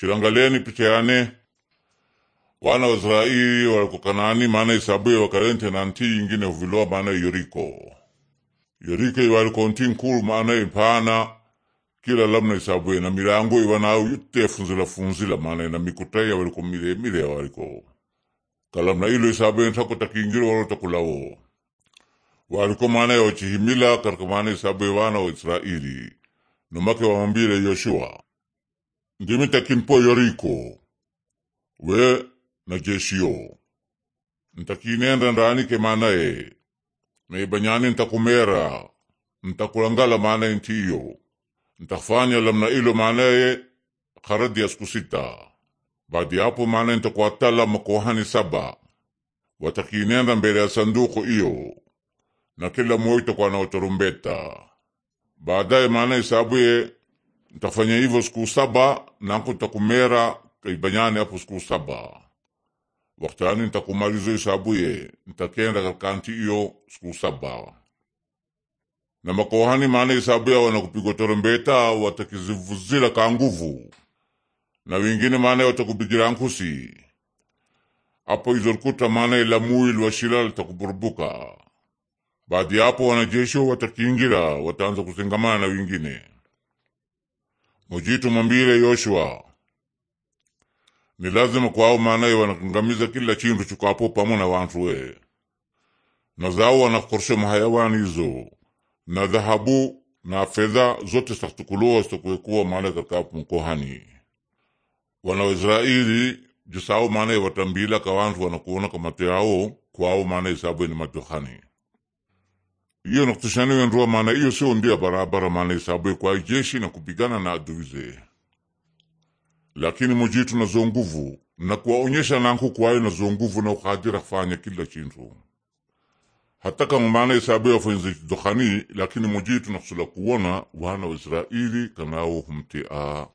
chilangaleni picha yane wana wa Israeli Kanaani, maana isabuye wakarente na nti yingine uviloa, maana yoriko yoriko iwaliko nti nkulu maana ipana kila lamna isabuye na milango iwanau yote funzila funzila maana na mikutaya waliko milemile waliko kalamna ilo isabuye ntako takingiro walo takulawo waliko maana ya wachihimila katika maana isabuye wana wa Israeli nomake wamambile Yoshua Ndimittakimpoyo yoriko we na Jesio ntakinenda ndani ke manaye naibanyani ibanyani ntakumera ntakulangala manaye ntiyo ntakufanya lamna ilo manaye karadi siku sita baadi apo manaye ntakuatala makohani saba watakinenda mbele ya sanduku iyo na kila moyo itakuwa na tarumbeta baadaye manaye sabuye Nitafanya hivyo siku saba nanku nitakumera kaibanyane hapo siku saba waktani nitakumaliza isabuye nitakenda kalkanti iyo siku saba na makohani maana isabuya wanakupigwa torombeta watakizivuzila ka nguvu na wengine maana watakupigira nkusi apo izorkuta maana ilamui lwashila litakuburubuka baadi yapo wanajeshi watakiingira wataanza kusengamana na wingine mujitumwambire Yoshua ni lazima kwao maanaye wanakangamiza kila chintu chukapo pamo na wantu we na zao wanakorosha mahayawani hizo na dhahabu na fedha zote zitakuchukuliwa zitakuwekwa maana katika mkohani wana Waisraeli jusao maanaye watambila kawantu wanakuona yao kwao maana isabu ni matohani iyo nakutushaniwe nrua maana iyo sio ndia barabara maana isabu kwa jeshi na kupigana na aduize lakini mujitu nazo nguvu na kuwaonyesha nanku kwayo nazo nguvu na ukadira kufanya kila chintu hata kama maana isabu yafanyize dokhani lakini mujitu nakusula kuona wana wa Israeli kanao humtia